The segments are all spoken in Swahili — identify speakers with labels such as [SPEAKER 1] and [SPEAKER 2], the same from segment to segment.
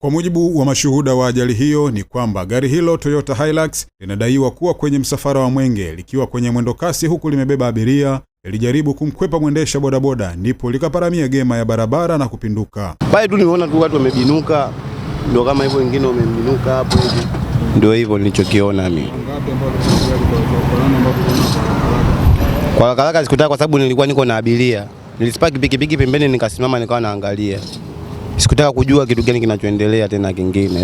[SPEAKER 1] Kwa mujibu wa mashuhuda wa ajali hiyo ni kwamba gari hilo Toyota Hilux linadaiwa kuwa kwenye msafara wa mwenge likiwa kwenye mwendo kasi huku limebeba abiria, lilijaribu kumkwepa mwendesha bodaboda, ndipo likaparamia gema ya barabara na kupinduka.
[SPEAKER 2] Pale tu niona tu watu wamebinuka, ndio kama hivyo, wengine wamebinuka hapo, ndio hivyo nilichokiona mimi kwa haraka haraka. Sikutaka kwa sababu nilikuwa niko na abiria, Nilispaki pikipiki pembeni, nikasimama nikawa naangalia sikutaka kujua kitu gani kinachoendelea tena kingine.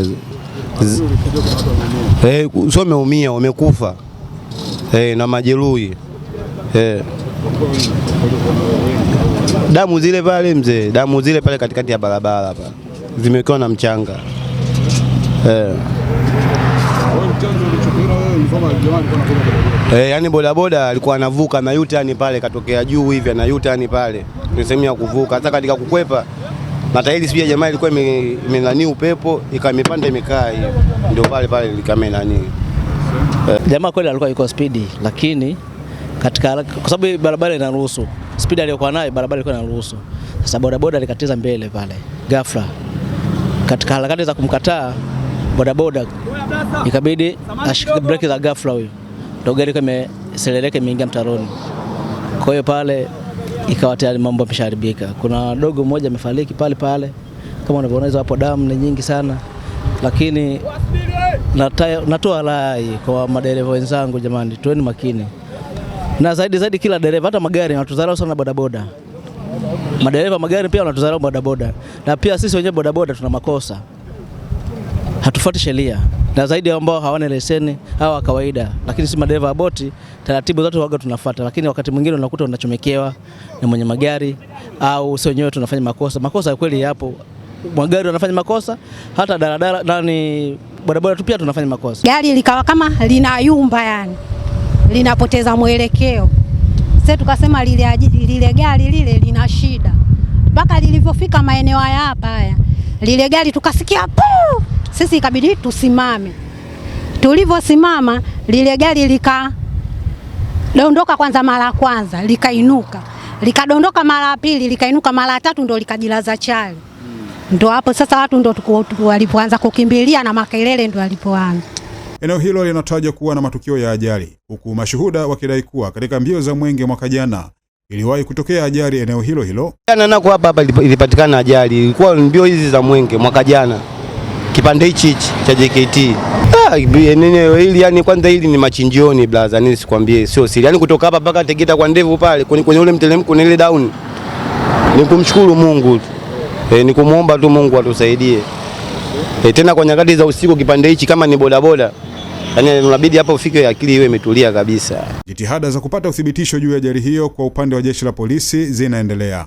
[SPEAKER 2] Eh, sio umeumia, umekufa eh, na majeruhi eh. Damu zile pale mzee, damu zile pale katikati ya barabara hapa zimewekewa na mchanga eh. E, eh, yani bodaboda alikuwa anavuka na yutani pale, katokea juu hivi na yutani pale, ni sehemu ya kuvuka. Hata katika kukwepa na tairi sijui jamaa ilikuwa imenani upepo ikawa imekaa hiyo, ndio pale pale likamea nani.
[SPEAKER 3] Eh. Jamaa kweli alikuwa yuko spidi, lakini katika kwa sababu barabara inaruhusu spidi aliyokuwa nayo, barabara ilikuwa inaruhusu. Sasa bodaboda alikatiza mbele pale ghafla, katika harakati za kumkataa bodaboda ikabidi ashike breki za ghafla, huyo ndio gari imeseleleka imeingia mtaroni, kwa hiyo pale ikawa tayari mambo yameshaharibika. Kuna dogo mmoja amefariki pale pale, kama unavyoona hizo hapo, damu ni nyingi sana, lakini natoa rai kwa madereva wenzangu, jamani, tuweni makini na zaidi zaidi, kila dereva, hata magari wanatudharau sana bodaboda. Madereva magari pia wanatudharau bodaboda, na pia sisi wenyewe bodaboda tuna makosa, hatufuati sheria na zaidi ambao hawana leseni hawa kawaida, lakini si madereva wa boti, taratibu zote waga tunafuata, lakini wakati mwingine unakuta unachomekewa na mwenye magari au sio, wenyewe tunafanya makosa. Makosa ya kweli yapo, magari wanafanya makosa, hata daladala nani bodaboda tu pia tunafanya makosa.
[SPEAKER 4] Gari likawa kama linayumba, yani linapoteza mwelekeo. Sasa tukasema lile, lile gari lile lina shida, mpaka lilivyofika maeneo haya hapa haya, lile gari tukasikia puu sisi ikabidi tusimame. Tulivyosimama lile gari dondoka kwanza, mara ya kwanza likainuka, likadondoka mara ya pili likainuka, mara ya tatu ndo likajilaza chali. Hmm. Ndo hapo sasa watu ndo walipoanza kukimbilia na makelele ndo walipoanza.
[SPEAKER 1] Eneo hilo linatajwa kuwa na matukio ya ajali, huku mashuhuda wakidai kuwa katika mbio za mwenge mwaka jana iliwahi kutokea ajali eneo hilo hilo.
[SPEAKER 2] Jana nako hapa hapa ilipatikana ajali, ilikuwa mbio hizi za mwenge mwaka jana kipande hichi hichi cha JKT ah, eh, hili yani, kwanza hili ni machinjioni blaza, nini sikwambie, sio siri yani, kutoka hapa mpaka Tegeta kwa ndevu pale kwenye ule mtelemko na ile down, ni kumshukuru Mungu e, ni kumwomba tu Mungu atusaidie e, tena kwa nyakati za usiku kipande hichi kama ni bodaboda Yani, unabidi hapo ufike akili iwe imetulia kabisa.
[SPEAKER 1] Jitihada za kupata uthibitisho juu ya ajali hiyo kwa upande wa jeshi la polisi zinaendelea